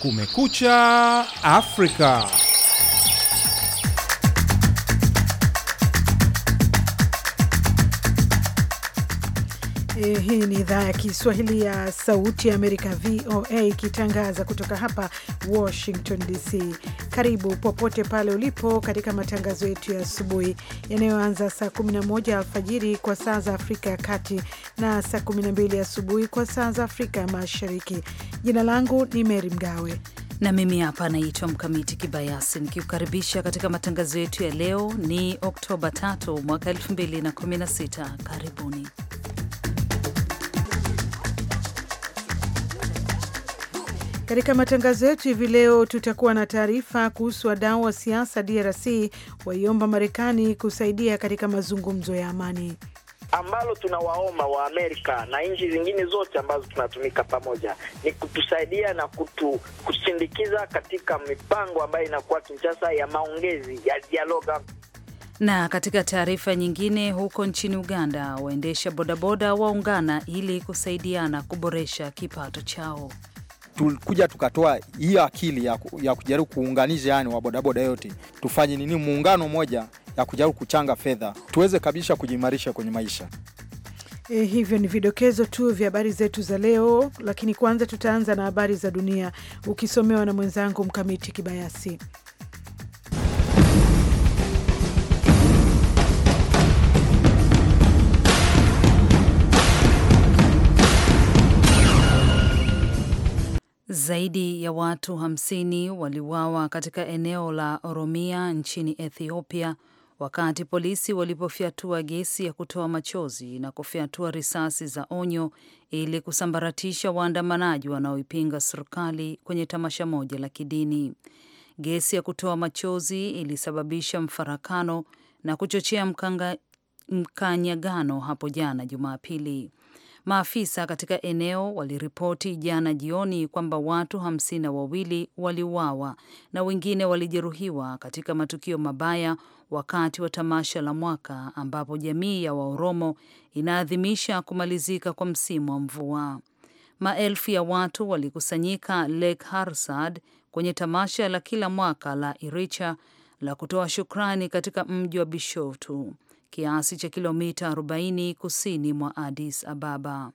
Kumekucha Afrika. hii ni idhaa ya Kiswahili ya Sauti ya Amerika, VOA, ikitangaza kutoka hapa Washington DC. Karibu popote pale ulipo katika matangazo yetu ya asubuhi yanayoanza saa 11 alfajiri kwa saa za Afrika ya Kati na saa 12 asubuhi kwa saa za Afrika Mashariki. Jina langu ni mery Mgawe na mimi hapa naitwa Mkamiti Kibayasi nikikukaribisha katika matangazo yetu ya leo. Ni Oktoba 3 mwaka 2016. Karibuni. Katika matangazo yetu hivi leo tutakuwa na taarifa kuhusu wadau wa siasa DRC waiomba Marekani kusaidia katika mazungumzo ya amani ambalo tunawaomba wa Amerika na nchi zingine zote ambazo tunatumika pamoja ni kutusaidia na kutu, kusindikiza katika mipango ambayo inakuwa Kinshasa ya maongezi ya dialoga. Na katika taarifa nyingine, huko nchini Uganda waendesha bodaboda waungana ili kusaidiana kuboresha kipato chao tulikuja tukatoa hiyo akili ya, ya kujaribu kuunganisha yani wabodaboda yote tufanye nini muungano moja ya kujaribu kuchanga fedha tuweze kabisa kujiimarisha kwenye maisha. E, hivyo ni vidokezo tu vya habari zetu za leo, lakini kwanza tutaanza na habari za dunia ukisomewa na mwenzangu Mkamiti Kibayasi. Zaidi ya watu hamsini waliuawa katika eneo la Oromia nchini Ethiopia wakati polisi walipofyatua gesi ya kutoa machozi na kufyatua risasi za onyo ili kusambaratisha waandamanaji wanaoipinga serikali kwenye tamasha moja la kidini. Gesi ya kutoa machozi ilisababisha mfarakano na kuchochea mkanga, mkanyagano hapo jana Jumapili. Maafisa katika eneo waliripoti jana jioni kwamba watu hamsini na wawili waliuawa na wengine walijeruhiwa katika matukio mabaya wakati wa tamasha la mwaka ambapo jamii ya Waoromo inaadhimisha kumalizika kwa msimu wa mvua. Maelfu ya watu walikusanyika Lake Harsad kwenye tamasha la kila mwaka la Iricha la kutoa shukrani katika mji wa Bishoftu kiasi cha kilomita 40 kusini mwa Addis Ababa.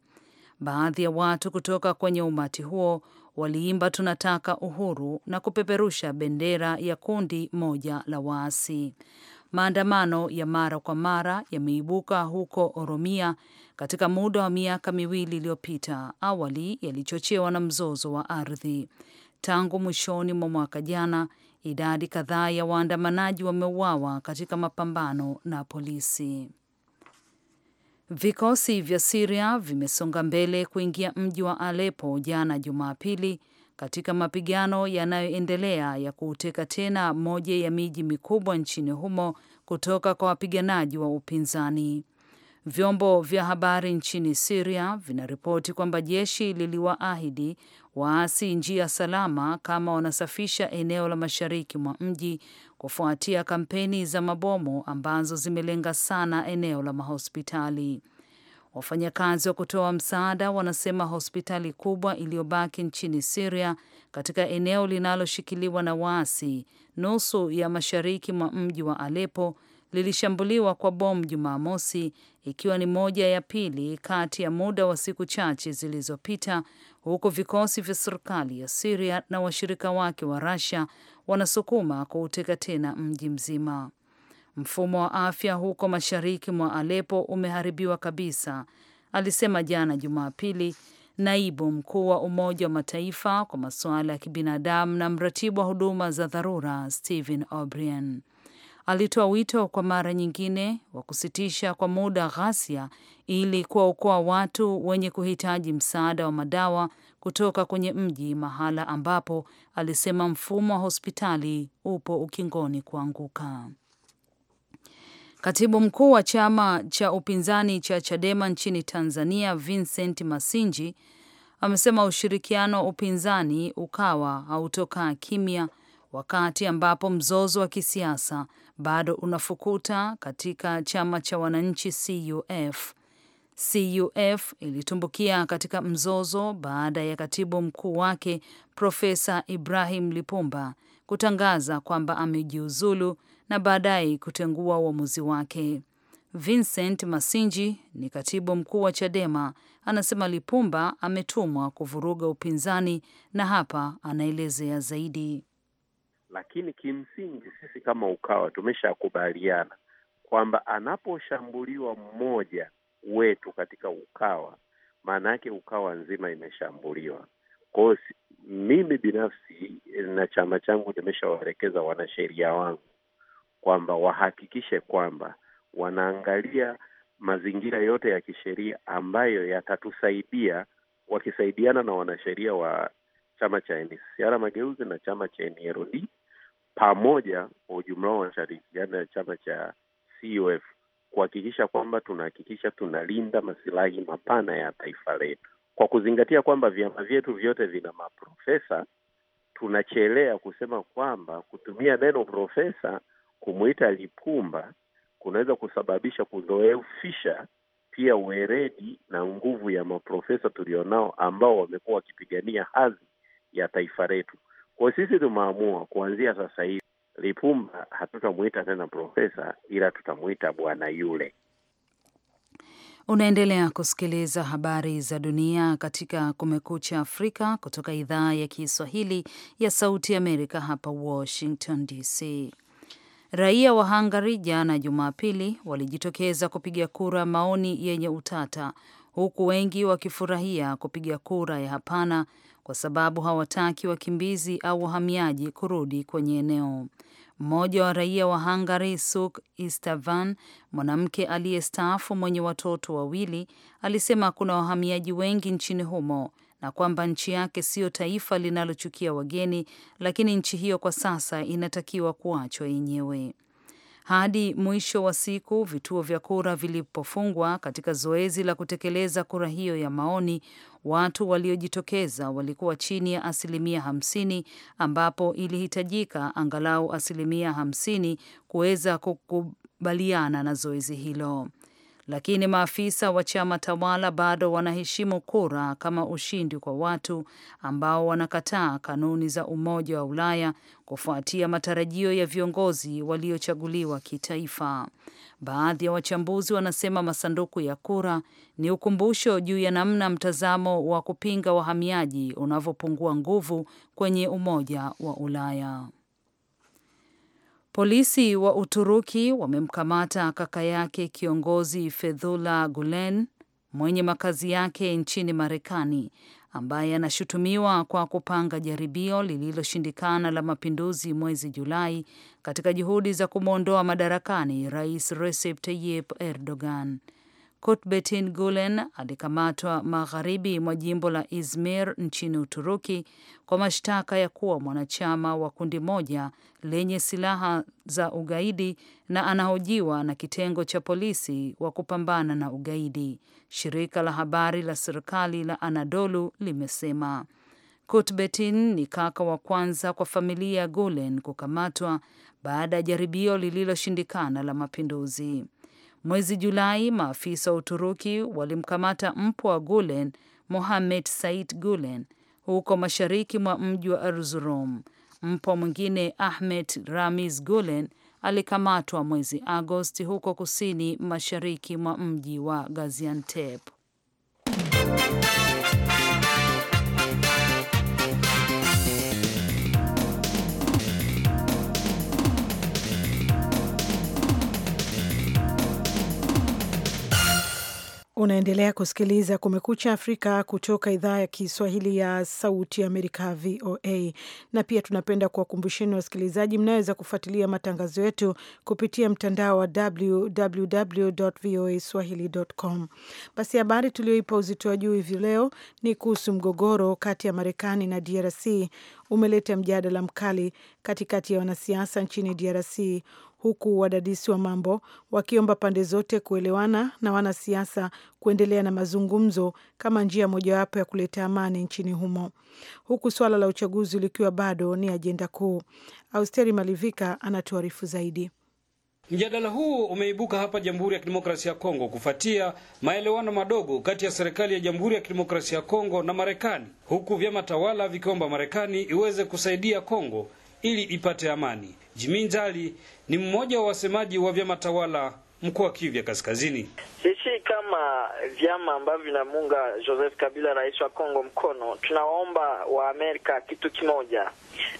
Baadhi ya watu kutoka kwenye umati huo waliimba tunataka uhuru na kupeperusha bendera ya kundi moja la waasi. Maandamano ya mara kwa mara yameibuka huko Oromia katika muda wa miaka miwili iliyopita. Awali yalichochewa na mzozo wa ardhi. Tangu mwishoni mwa mwaka jana Idadi kadhaa ya waandamanaji wameuawa katika mapambano na polisi. Vikosi vya Siria vimesonga mbele kuingia mji wa Alepo jana Jumapili, katika mapigano yanayoendelea ya kuuteka tena moja ya miji mikubwa nchini humo kutoka kwa wapiganaji wa upinzani. Vyombo vya habari nchini Siria vinaripoti kwamba jeshi liliwaahidi waasi njia salama kama wanasafisha eneo la mashariki mwa mji kufuatia kampeni za mabomu ambazo zimelenga sana eneo la mahospitali. Wafanyakazi wa kutoa msaada wanasema hospitali kubwa iliyobaki nchini Siria katika eneo linaloshikiliwa na waasi nusu ya mashariki mwa mji wa Alepo lilishambuliwa kwa bomu Jumamosi, ikiwa ni moja ya pili kati ya muda wa siku chache zilizopita, huku vikosi vya serikali ya Siria na washirika wake wa Russia wanasukuma kuuteka tena mji mzima. Mfumo wa afya huko mashariki mwa Alepo umeharibiwa kabisa, alisema jana Jumapili naibu mkuu wa Umoja wa Mataifa kwa masuala ya kibinadamu na mratibu wa huduma za dharura Stephen O'Brien alitoa wito kwa mara nyingine wa kusitisha kwa muda ghasia ili kuwaokoa watu wenye kuhitaji msaada wa madawa kutoka kwenye mji, mahala ambapo alisema mfumo wa hospitali upo ukingoni kuanguka. Katibu mkuu wa chama cha upinzani cha Chadema nchini Tanzania, Vincent Masinji, amesema ushirikiano wa upinzani Ukawa hautokaa kimya wakati ambapo mzozo wa kisiasa bado unafukuta katika chama cha wananchi CUF. CUF ilitumbukia katika mzozo baada ya katibu mkuu wake Profesa Ibrahim Lipumba kutangaza kwamba amejiuzulu na baadaye kutengua uamuzi wake. Vincent Masinji ni katibu mkuu wa Chadema, anasema Lipumba ametumwa kuvuruga upinzani na hapa anaelezea zaidi lakini kimsingi sisi kama UKAWA tumeshakubaliana kwamba anaposhambuliwa mmoja wetu katika UKAWA, maana yake UKAWA nzima imeshambuliwa. Kwa hiyo mimi binafsi na chama changu nimeshawaelekeza wanasheria wangu kwamba wahakikishe kwamba wanaangalia mazingira yote ya kisheria ambayo yatatusaidia, wakisaidiana na wanasheria wa chama cha NCCR Mageuzi na chama cha NLD e pamoja kwa ujumla wa wanashirikiana na chama cha cof kuhakikisha kwamba tunahakikisha tunalinda masilahi mapana ya taifa letu, kwa kuzingatia kwamba vyama vyetu vyote vina maprofesa. Tunachelea kusema kwamba kutumia neno profesa kumwita Lipumba kunaweza kusababisha kudhoofisha pia uweredi na nguvu ya maprofesa tulionao ambao wamekuwa wakipigania hadhi ya taifa letu. Kwa sisi tumeamua kuanzia sasa hivi Lipumba hatutamwita tena profesa, ila tutamwita bwana yule. Unaendelea kusikiliza habari za dunia katika Kumekucha Afrika kutoka idhaa ya Kiswahili ya Sauti Amerika, hapa Washington DC. Raia wa Hungary jana Jumapili walijitokeza kupiga kura maoni yenye utata, huku wengi wakifurahia kupiga kura ya hapana kwa sababu hawataki wakimbizi au wahamiaji kurudi kwenye eneo. Mmoja wa raia wa Hungary, Suk Istavan, mwanamke aliyestaafu mwenye watoto wawili, alisema kuna wahamiaji wengi nchini humo na kwamba nchi yake siyo taifa linalochukia wageni, lakini nchi hiyo kwa sasa inatakiwa kuachwa yenyewe. Hadi mwisho wa siku vituo vya kura vilipofungwa katika zoezi la kutekeleza kura hiyo ya maoni, Watu waliojitokeza walikuwa chini ya asilimia hamsini ambapo ilihitajika angalau asilimia hamsini kuweza kukubaliana na zoezi hilo lakini maafisa wa chama tawala bado wanaheshimu kura kama ushindi kwa watu ambao wanakataa kanuni za Umoja wa Ulaya kufuatia matarajio ya viongozi waliochaguliwa kitaifa. Baadhi ya wachambuzi wanasema masanduku ya kura ni ukumbusho juu ya namna mtazamo wa kupinga wahamiaji unavyopungua nguvu kwenye Umoja wa Ulaya. Polisi wa Uturuki wamemkamata kaka yake kiongozi fedhula Gulen mwenye makazi yake nchini Marekani ambaye anashutumiwa kwa kupanga jaribio lililoshindikana la mapinduzi mwezi Julai katika juhudi za kumwondoa madarakani Rais Recep Tayyip Erdogan. Kutbetin Gulen alikamatwa magharibi mwa jimbo la Izmir nchini Uturuki kwa mashtaka ya kuwa mwanachama wa kundi moja lenye silaha za ugaidi na anahojiwa na kitengo cha polisi wa kupambana na ugaidi, shirika la habari la serikali la Anadolu limesema. Kutbetin ni kaka wa kwanza kwa familia ya Gulen kukamatwa baada ya jaribio lililoshindikana la mapinduzi. Mwezi Julai, maafisa wa Uturuki walimkamata mpwa wa Gulen, Mohamed said Gulen, huko mashariki mwa mji wa Erzurum. Mpwa mwingine ahmed Ramiz Gulen alikamatwa mwezi Agosti huko kusini mashariki mwa mji wa Gaziantep. Unaendelea kusikiliza Kumekucha Afrika kutoka idhaa ya Kiswahili ya Sauti Amerika, VOA. Na pia tunapenda kuwakumbusheni wasikilizaji, mnaweza kufuatilia matangazo yetu kupitia mtandao wa www voa swahili.com. Basi habari tulioipa uzito wa juu hivi leo ni kuhusu mgogoro kati ya Marekani na DRC umeleta mjadala mkali katikati ya wanasiasa nchini DRC huku wadadisi wa mambo wakiomba pande zote kuelewana na wanasiasa kuendelea na mazungumzo kama njia mojawapo ya kuleta amani nchini humo, huku swala la uchaguzi likiwa bado ni ajenda kuu. Austeri Malivika anatuarifu zaidi. Mjadala huu umeibuka hapa Jamhuri ya Kidemokrasia ya Kongo kufuatia maelewano madogo kati ya serikali ya Jamhuri ya Kidemokrasia ya Kongo na Marekani, huku vyama tawala vikiomba Marekani iweze kusaidia Kongo ili ipate amani. Jiminjali ni mmoja wa wasemaji wa vyama tawala mkoa wa Kivu Kaskazini. Sisi kama vyama ambavyo vinamuunga Joseph Kabila, rais wa Kongo mkono, tunawaomba wa Amerika kitu kimoja,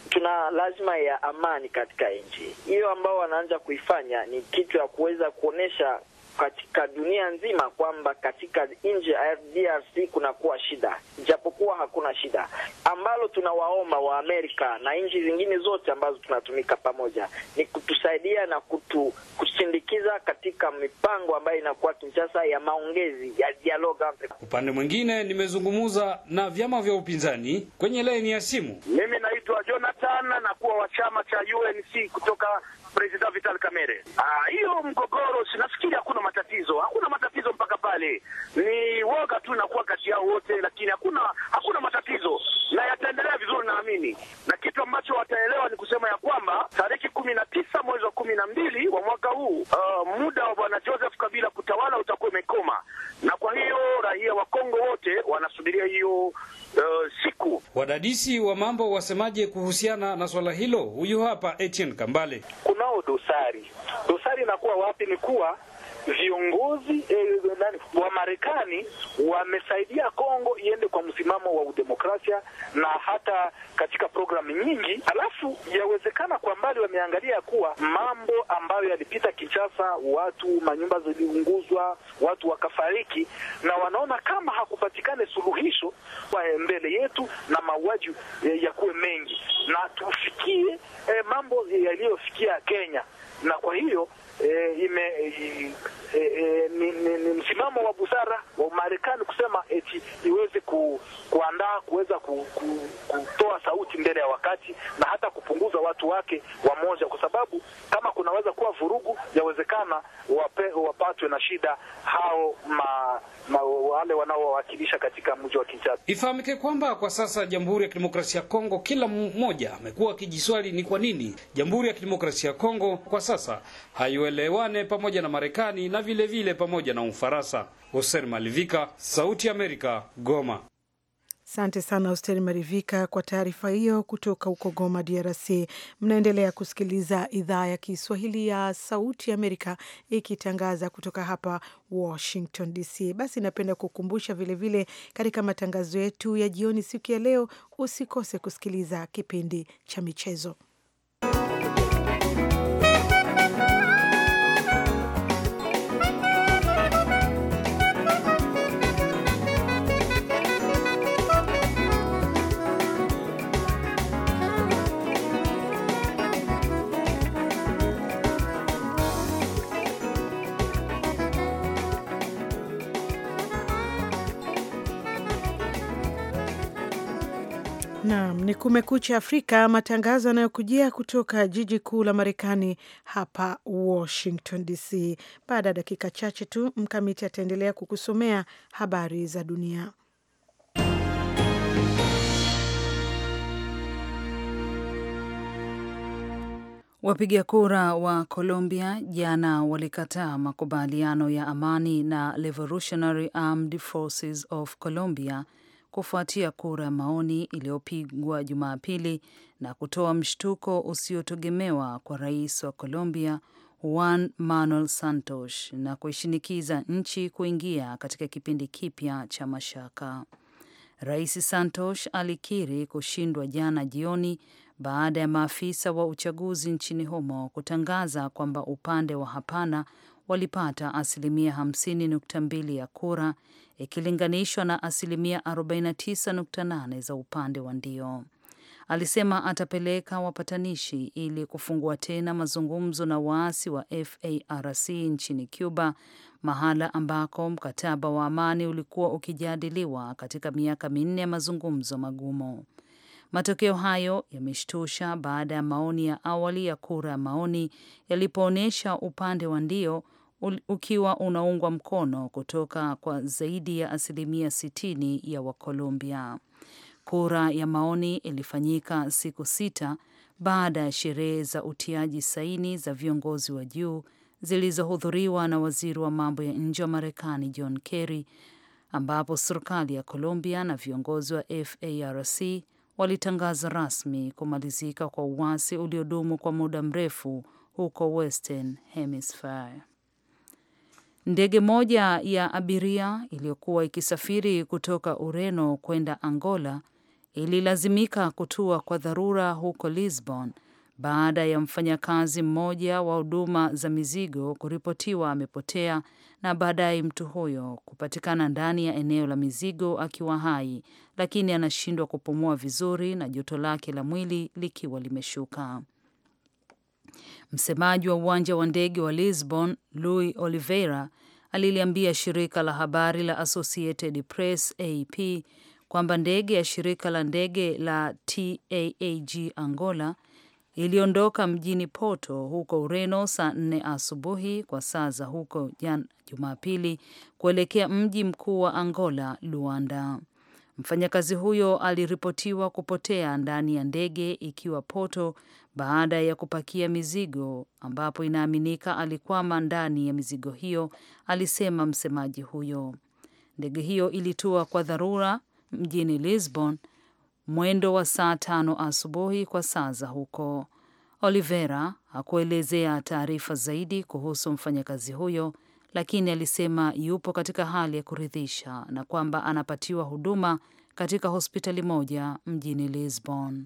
tuna lazima ya amani katika nchi hiyo. Ambao wanaanza kuifanya ni kitu ya kuweza kuonesha katika dunia nzima kwamba katika nje ya DRC kunakuwa shida, japokuwa hakuna shida, ambalo tunawaomba wa Amerika na nchi zingine zote ambazo tunatumika pamoja ni kutusaidia na kutu, kusindikiza katika mipango ambayo inakuwa Kinshasa ya maongezi ya dialoga. Upande mwingine, nimezungumza na vyama vya upinzani kwenye laini ya simu. Mimi naitwa Jonathan na kuwa wa chama cha UNC kutoka President Vital Kamerhe. Ah, hiyo mgogoro sinafikiri hakuna matatizo, hakuna matatizo mpaka pale, ni woga tu inakuwa kati yao wote, lakini hakuna hakuna matatizo na yataendelea vizuri, naamini na kitu ambacho wataelewa ni kusema ya kwamba tarehe kumi na tisa mwezi wa kumi na mbili wa mwaka huu uh, muda wa bwana Joseph Kabila kutawala utakuwa umekoma, na kwa hiyo raia wa Kongo wote wanasubiria hiyo Uh, siku wadadisi wa mambo wasemaje kuhusiana na swala hilo? Huyu hapa Etienne Kambale. do SARI, do kuwa wapi ni kuwa viongozi eh, wa Marekani wamesaidia Kongo iende kwa msimamo wa udemokrasia na hata katika programu nyingi. Alafu yawezekana kwa mbali wameangalia kuwa mambo ambayo yalipita Kinshasa, watu manyumba ziliunguzwa, watu wakafariki, na wanaona kama hakupatikane suluhisho kwa eh, mbele yetu na mauaji eh, yakuwe mengi na tufikie eh, mambo yaliyofikia Kenya, na kwa hiyo e, ime e, e, e, ni, ni, ni msimamo wa busara wa Marekani kusema eti iweze ku, kuandaa kuweza ku, ku, kutoa sauti mbele ya wakati na hata kupunguza watu wake wamoja, kwa sababu kama kunaweza kuwa vurugu, yawezekana wapatwe na shida hao ma wale wanaowawakilisha katika mji wa Kinshasa. Ifahamike kwamba kwa sasa Jamhuri ya Kidemokrasia ya Kongo, kila mmoja amekuwa akijiswali ni kwa nini Jamhuri ya Kidemokrasia ya Kongo kwa sasa haielewane pamoja na Marekani na vilevile vile pamoja na Ufaransa. Hoser Malivika, Sauti ya Amerika, Goma. Asante sana Hosteri Marivika kwa taarifa hiyo kutoka huko Goma, DRC. Mnaendelea kusikiliza idhaa ya Kiswahili ya Sauti Amerika ikitangaza kutoka hapa Washington DC. Basi napenda kukumbusha vilevile, katika matangazo yetu ya jioni siku ya leo, usikose kusikiliza kipindi cha michezo. Naam, ni Kumekucha Afrika, matangazo yanayokujia kutoka jiji kuu la Marekani, hapa Washington DC. Baada ya dakika chache tu, Mkamiti ataendelea kukusomea habari za dunia. Wapiga kura wa Colombia jana walikataa makubaliano ya amani na Revolutionary Armed Forces of Colombia kufuatia kura ya maoni iliyopigwa Jumapili na kutoa mshtuko usiotegemewa kwa rais wa Colombia Juan Manuel Santos na kuishinikiza nchi kuingia katika kipindi kipya cha mashaka. Rais Santos alikiri kushindwa jana jioni baada ya maafisa wa uchaguzi nchini humo kutangaza kwamba upande wa hapana walipata asilimia 50.2 ya kura ikilinganishwa na asilimia 49.8 za upande wa ndio. Alisema atapeleka wapatanishi ili kufungua tena mazungumzo na waasi wa FARC nchini Cuba, mahala ambako mkataba wa amani ulikuwa ukijadiliwa katika miaka minne ya mazungumzo magumu. Matokeo hayo yameshtusha baada ya maoni ya awali ya kura ya maoni yalipoonyesha upande wa ndio ukiwa unaungwa mkono kutoka kwa zaidi ya asilimia 60 ya Wakolombia. Kura ya maoni ilifanyika siku sita baada ya sherehe za utiaji saini za viongozi wa juu zilizohudhuriwa na waziri wa mambo ya nje wa Marekani John Kerry, ambapo serikali ya Colombia na viongozi wa FARC walitangaza rasmi kumalizika kwa uasi uliodumu kwa muda mrefu huko Western Hemisphere. Ndege moja ya abiria iliyokuwa ikisafiri kutoka Ureno kwenda Angola ililazimika kutua kwa dharura huko Lisbon baada ya mfanyakazi mmoja wa huduma za mizigo kuripotiwa amepotea na baadaye mtu huyo kupatikana ndani ya eneo la mizigo akiwa hai, lakini anashindwa kupumua vizuri na joto lake la mwili likiwa limeshuka. Msemaji wa uwanja wa ndege wa Lisbon, louis Oliveira, aliliambia shirika la habari la Associated Press AP kwamba ndege ya shirika la ndege la TAAG Angola iliondoka mjini Porto huko Ureno saa nne asubuhi kwa saa za huko jana Jumapili kuelekea mji mkuu wa Angola, Luanda. Mfanyakazi huyo aliripotiwa kupotea ndani ya ndege ikiwa poto baada ya kupakia mizigo, ambapo inaaminika alikwama ndani ya mizigo hiyo, alisema msemaji huyo. Ndege hiyo ilitua kwa dharura mjini Lisbon mwendo wa saa tano asubuhi kwa saa za huko. Olivera hakuelezea taarifa zaidi kuhusu mfanyakazi huyo lakini alisema yupo katika hali ya kuridhisha na kwamba anapatiwa huduma katika hospitali moja mjini Lisbon.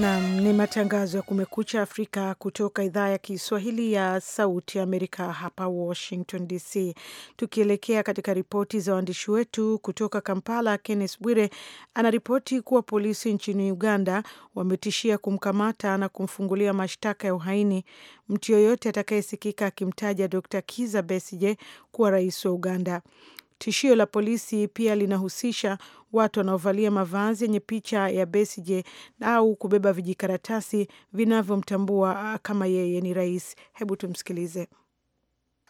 Nam ni matangazo ya Kumekucha Afrika kutoka idhaa ya Kiswahili ya Sauti Amerika hapa Washington DC. Tukielekea katika ripoti za waandishi wetu kutoka Kampala, Kenneth Bwire anaripoti kuwa polisi nchini Uganda wametishia kumkamata na kumfungulia mashtaka ya uhaini mtu yoyote atakayesikika akimtaja Dr Kiza Besije kuwa rais wa Uganda. Tishio la polisi pia linahusisha watu wanaovalia mavazi yenye picha ya besije au kubeba vijikaratasi vinavyomtambua ah, kama yeye ni rais. Hebu tumsikilize.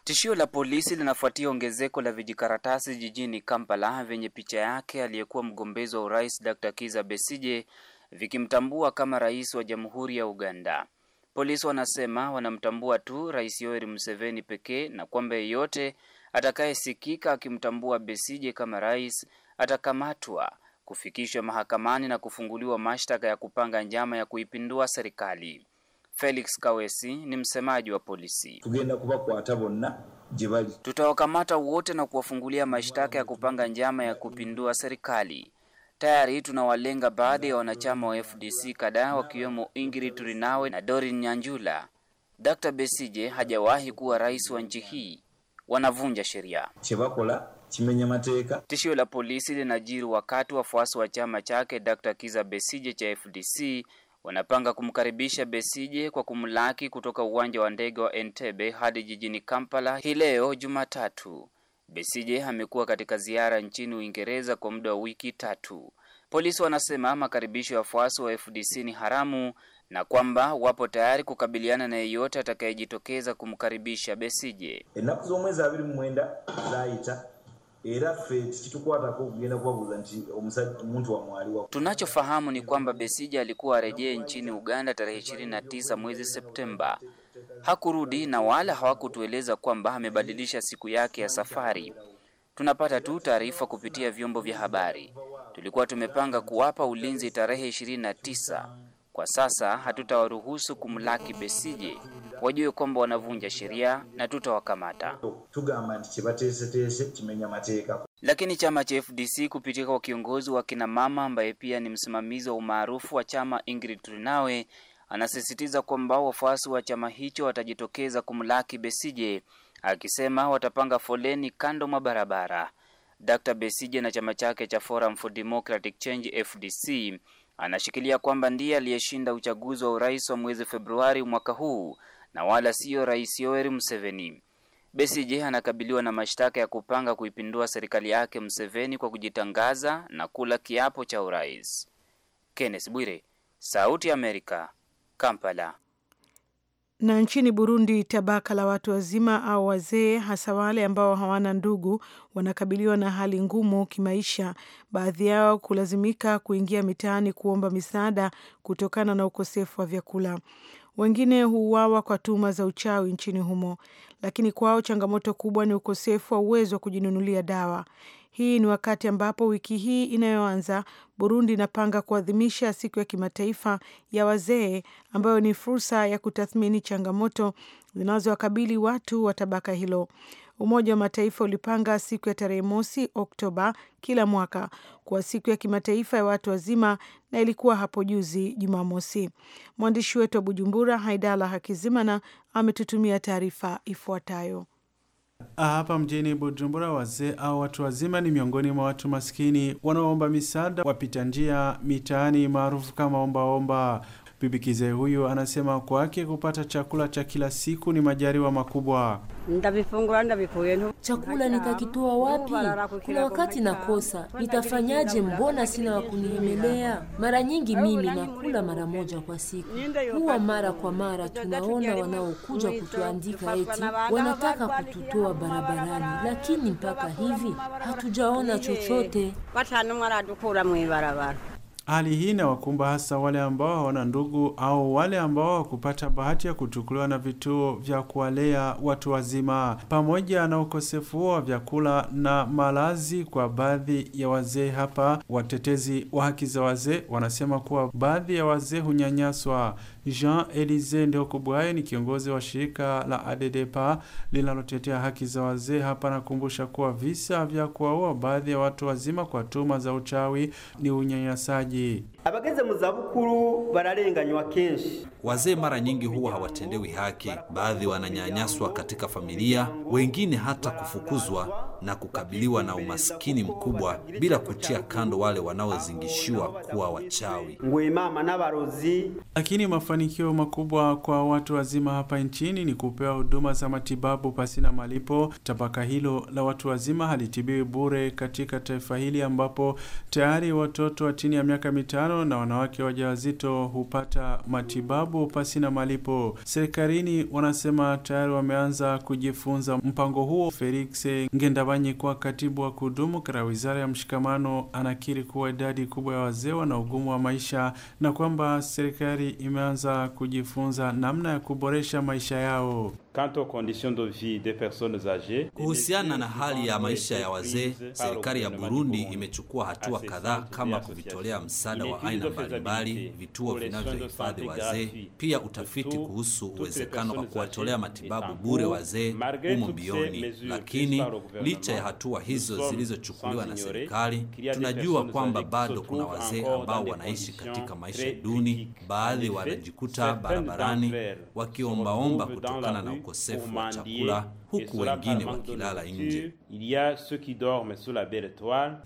Tishio la polisi linafuatia ongezeko la vijikaratasi jijini Kampala vyenye picha yake aliyekuwa mgombezi wa urais Dr. Kiza Besije vikimtambua kama rais wa Jamhuri ya Uganda. Polisi wanasema wanamtambua tu Rais Yoweri Museveni pekee na kwamba yeyote atakayesikika akimtambua Besije kama rais atakamatwa, kufikishwa mahakamani na kufunguliwa mashtaka ya kupanga njama ya kuipindua serikali. Felix Kawesi ni msemaji wa polisi. Tugenda kuba tutawakamata wote na kuwafungulia mashtaka ya kupanga njama ya kupindua serikali. Tayari tunawalenga baadhi ya wanachama wa FDC kadhaa wakiwemo Ingrid Turinawe na Dorin Nyanjula. Dr. Besije hajawahi kuwa rais wa nchi hii wanavunja sheria. chebakola mateka. Tishio la polisi linajiri wakati wafuasi wa chama chake Dr. Kiza Besije cha FDC wanapanga kumkaribisha Besije kwa kumlaki kutoka uwanja wa ndege wa Entebbe hadi jijini Kampala hii leo Jumatatu. Besije amekuwa katika ziara nchini Uingereza kwa muda wa wiki tatu. Polisi wanasema makaribisho ya wafuasi wa FDC ni haramu na kwamba wapo tayari kukabiliana na yeyote atakayejitokeza kumkaribisha Besije. ennaku z'omwezi abiri mwenda zaayita era ffe tekitukwatako kugenda kubabuuza nti omuntu wamwe Tunachofahamu ni kwamba Besije alikuwa arejee nchini Uganda tarehe 29 mwezi Septemba. Hakurudi na wala hawakutueleza kwamba amebadilisha siku yake ya safari. Tunapata tu taarifa kupitia vyombo vya habari. Tulikuwa tumepanga kuwapa ulinzi tarehe 29 kwa sasa hatutawaruhusu kumlaki Besije, wajue kwamba wanavunja sheria na tutawakamata. Lakini chama cha FDC kupitia kwa kiongozi wa kina mama ambaye pia ni msimamizi wa umaarufu wa chama Ingrid Turinawe anasisitiza kwamba wafuasi wa chama hicho watajitokeza kumlaki Besije, akisema watapanga foleni kando mwa barabara. Dr. Besije na chama chake cha Forum for Democratic Change FDC anashikilia kwamba ndiye aliyeshinda uchaguzi wa urais wa mwezi Februari mwaka huu na wala siyo Rais Yoweri Museveni. Besigye anakabiliwa na mashtaka ya kupanga kuipindua serikali yake Museveni kwa kujitangaza na kula kiapo cha urais. Kenneth Bwire, Sauti ya Amerika, Kampala. Na nchini Burundi, tabaka la watu wazima au wazee, hasa wale ambao hawana ndugu, wanakabiliwa na hali ngumu kimaisha, baadhi yao kulazimika kuingia mitaani kuomba misaada kutokana na ukosefu wa vyakula. Wengine huuawa kwa tuhuma za uchawi nchini humo, lakini kwao changamoto kubwa ni ukosefu wa uwezo wa kujinunulia dawa. Hii ni wakati ambapo wiki hii inayoanza Burundi inapanga kuadhimisha siku ya kimataifa ya wazee ambayo ni fursa ya kutathmini changamoto zinazowakabili watu wa tabaka hilo. Umoja wa Mataifa ulipanga siku ya tarehe mosi Oktoba kila mwaka kuwa siku ya kimataifa ya watu wazima na ilikuwa hapo juzi Jumamosi. Mwandishi wetu wa Bujumbura, Haidala Hakizimana, ametutumia taarifa ifuatayo. Hapa mjini Bujumbura, wazee au watu wazima ni miongoni mwa watu maskini wanaoomba misaada wapita njia mitaani maarufu kama ombaomba omba. Bibi kizee huyu anasema kwake kupata chakula cha kila siku ni majariwa makubwa. Chakula nitakitoa wapi? Kuna wakati nakosa, nitafanyaje? Mbona sina wa kunihemelea. Mara nyingi mimi nakula mara moja kwa siku, huwa mara kwa mara tunaona wanaokuja kutuandika eti wanataka kututoa barabarani, lakini mpaka hivi hatujaona chochote. Hali hii inawakumba hasa wale ambao hawana ndugu au wale ambao hawakupata bahati ya kuchukuliwa na vituo vya kuwalea watu wazima, pamoja na ukosefu huo wa vyakula na malazi kwa baadhi ya wazee hapa. Watetezi wa haki za wazee wanasema kuwa baadhi ya wazee hunyanyaswa Jean-Elise Ndihokubwaye ni kiongozi wa shirika la ADDPA linalotetea haki za wazee hapa, nakumbusha kuwa visa vya kuwaua baadhi ya watu wazima kwa tuma za uchawi ni unyanyasaji. Abageze mu zabukuru bararenganywa kenshi. Wazee mara nyingi huwa hawatendewi haki, baadhi wananyanyaswa katika familia, wengine hata kufukuzwa na kukabiliwa na umaskini mkubwa, bila kutia kando wale wanaozingishiwa kuwa wachawi ngwe mama barozi Lakini mafanikio makubwa kwa watu wazima hapa nchini ni kupewa huduma za matibabu pasina malipo. Tabaka hilo la watu wazima halitibiwi bure katika taifa hili ambapo tayari watoto wa chini ya miaka mitano watoto na wanawake wajawazito hupata matibabu pasi na malipo. Serikalini wanasema tayari wameanza kujifunza mpango huo. Felix kwa katibu wa kudumu katika wizara ya mshikamano, anakiri kuwa idadi kubwa ya wazee wana ugumu wa maisha na kwamba serikali imeanza kujifunza namna ya kuboresha maisha yao. Kuhusiana na hali ya maisha ya wazee, serikali ya Burundi imechukua hatua kadhaa kama kuvitolea msaada wa aina mbalimbali vituo vinavyohifadhi wazee, pia utafiti kuhusu uwezekano wa kuwatolea matibabu bure wazee humo mbioni. Lakini licha ya hatua hizo zilizochukuliwa na serikali, tunajua kwamba bado kuna wazee ambao wanaishi katika maisha duni, baadhi wanajikuta barabarani wakiombaomba kutokana na ukosefu wa chakula huku wengine wakilala nje.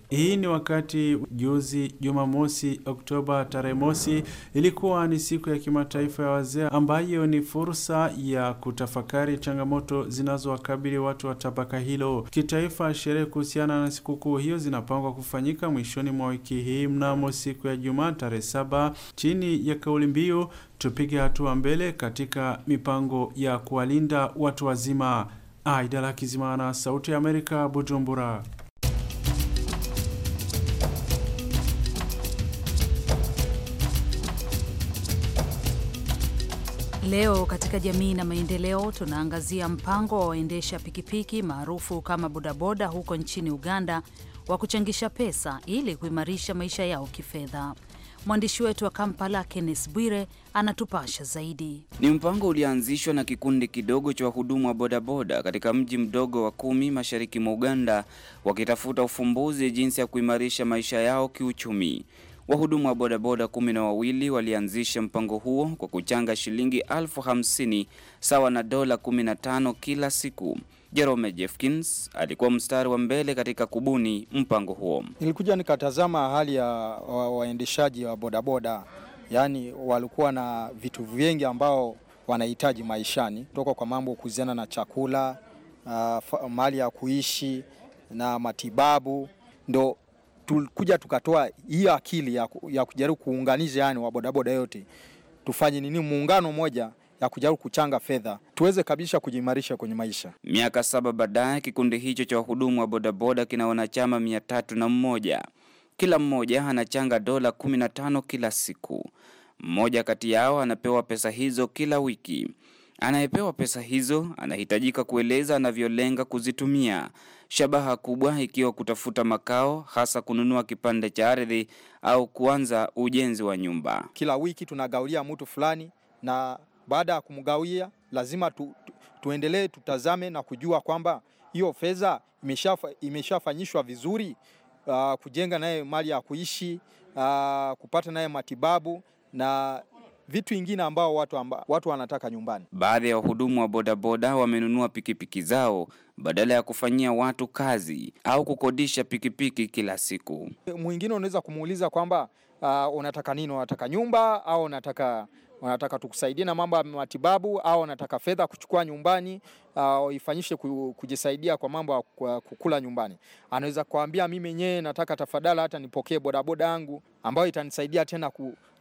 Hii ni wakati juzi Jumamosi Oktoba tarehe mosi ilikuwa ni siku ya kimataifa ya wazee ambayo ni fursa ya kutafakari changamoto zinazowakabili watu wa tabaka hilo kitaifa. Sherehe kuhusiana na sikukuu hiyo zinapangwa kufanyika mwishoni mwa wiki hii mnamo siku ya Jumaa tarehe saba chini ya kauli mbiu tupige hatua mbele katika mipango ya kuwalinda watu wazima. Aida la Kizimana, Sauti ya Amerika, Bujumbura. Leo katika jamii na maendeleo tunaangazia mpango wa waendesha pikipiki maarufu kama bodaboda huko nchini Uganda wa kuchangisha pesa ili kuimarisha maisha yao kifedha. Mwandishi wetu wa Kampala, Kenneth Bwire, anatupasha zaidi. Ni mpango ulioanzishwa na kikundi kidogo cha wahudumu wa bodaboda katika mji mdogo wa Kumi, mashariki mwa Uganda, wakitafuta ufumbuzi jinsi ya kuimarisha maisha yao kiuchumi. Wahudumu wa bodaboda kumi na wawili walianzisha mpango huo kwa kuchanga shilingi elfu hamsini sawa na dola 15 kila siku. Jerome Jeffkins alikuwa mstari wa mbele katika kubuni mpango huo. Nilikuja nikatazama hali ya waendeshaji wa bodaboda yaani walikuwa na vitu vingi ambao wanahitaji maishani kutoka kwa mambo kuhusiana na chakula, uh, mali ya kuishi na matibabu. Ndo tulikuja tukatoa hiyo akili ya, ya kujaribu kuunganisha yani bodaboda yote tufanye nini, muungano mmoja ya kujaribu kuchanga fedha tuweze kabisa kujiimarisha kwenye maisha. Miaka saba baadaye, kikundi hicho cha wahudumu wa bodaboda kina wanachama mia tatu na mmoja. Kila mmoja anachanga dola kumi na tano kila siku. Mmoja kati yao anapewa pesa hizo kila wiki. Anayepewa pesa hizo anahitajika kueleza anavyolenga kuzitumia, shabaha kubwa ikiwa kutafuta makao, hasa kununua kipande cha ardhi au kuanza ujenzi wa nyumba. Kila wiki tunagaulia mtu fulani na baada ya kumgawia lazima tu, tu, tuendelee tutazame na kujua kwamba hiyo fedha imeshafanyishwa vizuri uh, kujenga naye mali ya kuishi uh, kupata naye matibabu na vitu ingine ambao watu, amba, watu wanataka nyumbani. Baadhi ya wahudumu wa bodaboda wamenunua pikipiki zao badala ya kufanyia watu kazi au kukodisha pikipiki kila siku. Mwingine unaweza kumuuliza kwamba uh, unataka nini? Unataka nyumba au unataka wanataka tukusaidie na mambo ya matibabu au wanataka fedha kuchukua nyumbani au ifanyishe kujisaidia kwa mambo ya kukula nyumbani, anaweza kuambia mimi mwenyewe nataka tafadhali hata nipokee bodaboda yangu ambayo itanisaidia tena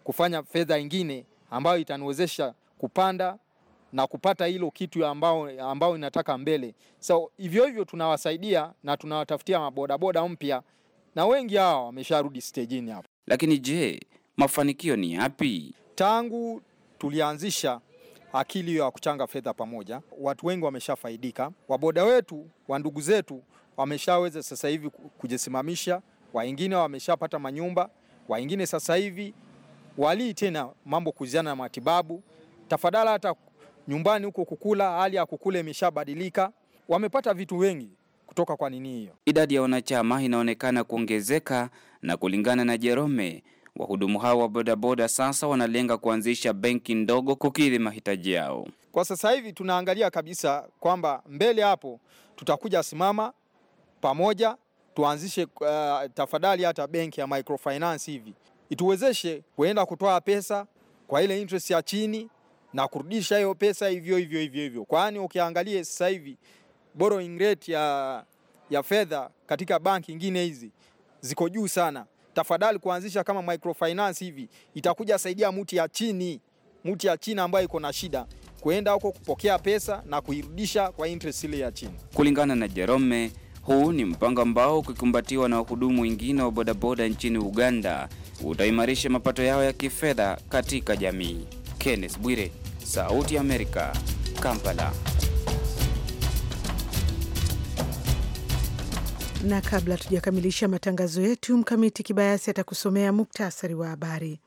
kufanya fedha ingine ambayo itaniwezesha kupanda na kupata hilo kitu ambao, ambao inataka mbele. So hivyo hivyo tunawasaidia na tunawatafutia mabodaboda mpya na wengi hao wamesharudi stejini hapo. Lakini je, mafanikio ni yapi? Tangu tulianzisha akili ya kuchanga fedha pamoja. Watu wengi wameshafaidika, waboda wetu wa ndugu zetu wameshaweza sasa hivi kujisimamisha, wengine wameshapata manyumba, wengine sasa hivi walii tena mambo kuhusiana na matibabu, tafadhali hata nyumbani huko kukula, hali ya kukula imeshabadilika, wamepata vitu wengi kutoka kwa nini hiyo. Idadi ya wanachama inaonekana kuongezeka na kulingana na Jerome Wahudumu hao wa bodaboda sasa wanalenga kuanzisha benki ndogo kukidhi mahitaji yao. Kwa sasa hivi tunaangalia kabisa kwamba mbele hapo tutakuja simama pamoja tuanzishe uh, tafadhali hata benki ya microfinance hivi ituwezeshe kuenda kutoa pesa kwa ile interest ya chini na kurudisha hiyo pesa hivyo hivyo hivyo hivyo, kwani ukiangalia sasa hivi borrowing rate ya, ya fedha katika banki nyingine hizi ziko juu sana tafadhali kuanzisha kama microfinance hivi, itakuja saidia muti ya chini, muti ya chini ambayo iko na shida kuenda huko kupokea pesa na kuirudisha kwa interest ile ya chini. Kulingana na Jerome, huu ni mpango ambao ukikumbatiwa na wahudumu wengine wa bodaboda nchini Uganda utaimarisha mapato yao ya kifedha katika jamii. Kenneth Bwire, Sauti ya Amerika, Kampala. na kabla tujakamilisha matangazo yetu, Mkamiti Kibayasi atakusomea muktasari wa habari.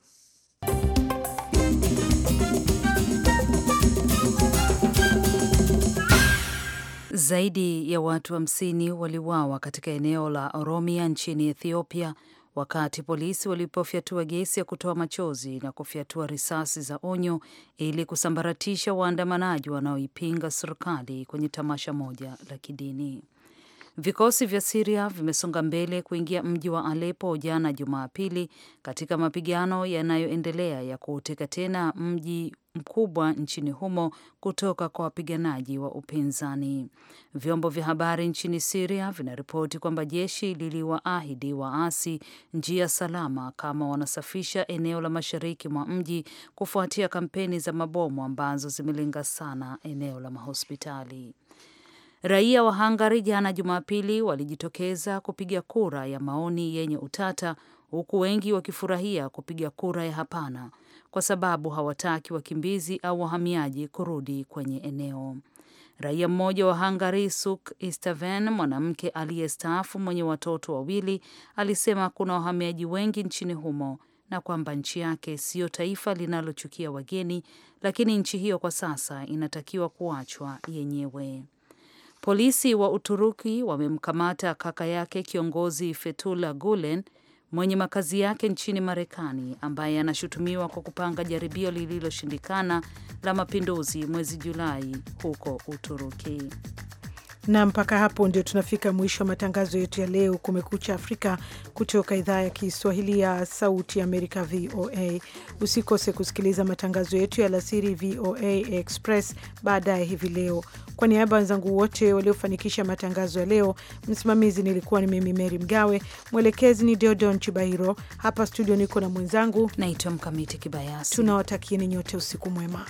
Zaidi ya watu hamsini wa waliuawa katika eneo la Oromia nchini Ethiopia wakati polisi walipofyatua gesi ya kutoa machozi na kufyatua risasi za onyo ili kusambaratisha waandamanaji wanaoipinga serikali kwenye tamasha moja la kidini. Vikosi vya Siria vimesonga mbele kuingia mji wa Alepo jana Jumapili, katika mapigano yanayoendelea ya kuuteka tena mji mkubwa nchini humo kutoka kwa wapiganaji wa upinzani. Vyombo vya habari nchini Siria vinaripoti kwamba jeshi liliwaahidi waasi njia salama kama wanasafisha eneo la mashariki mwa mji kufuatia kampeni za mabomu ambazo zimelenga sana eneo la mahospitali. Raia wa Hungary jana Jumapili walijitokeza kupiga kura ya maoni yenye utata, huku wengi wakifurahia kupiga kura ya hapana kwa sababu hawataki wakimbizi au wahamiaji kurudi kwenye eneo. Raia mmoja wa Hungary, Suk istaven mwanamke aliyestaafu mwenye watoto wawili, alisema kuna wahamiaji wengi nchini humo na kwamba nchi yake siyo taifa linalochukia wageni, lakini nchi hiyo kwa sasa inatakiwa kuachwa yenyewe. Polisi wa Uturuki wamemkamata kaka yake kiongozi Fethullah Gulen mwenye makazi yake nchini Marekani ambaye anashutumiwa kwa kupanga jaribio lililoshindikana la mapinduzi mwezi Julai huko Uturuki na mpaka hapo ndio tunafika mwisho wa matangazo yetu ya leo, Kumekucha Afrika, kutoka idhaa ya Kiswahili ya Sauti Amerika, VOA. Usikose kusikiliza matangazo yetu ya alasiri, VOA Express, baadaye hivi leo. Kwa niaba ya wenzangu wote waliofanikisha matangazo ya leo, msimamizi nilikuwa ni mimi Meri Mgawe, mwelekezi ni Deodon Chibahiro. Hapa studio niko na mwenzangu naitwa Mkamiti Kibayasi. Tunawatakieni nyote usiku mwema.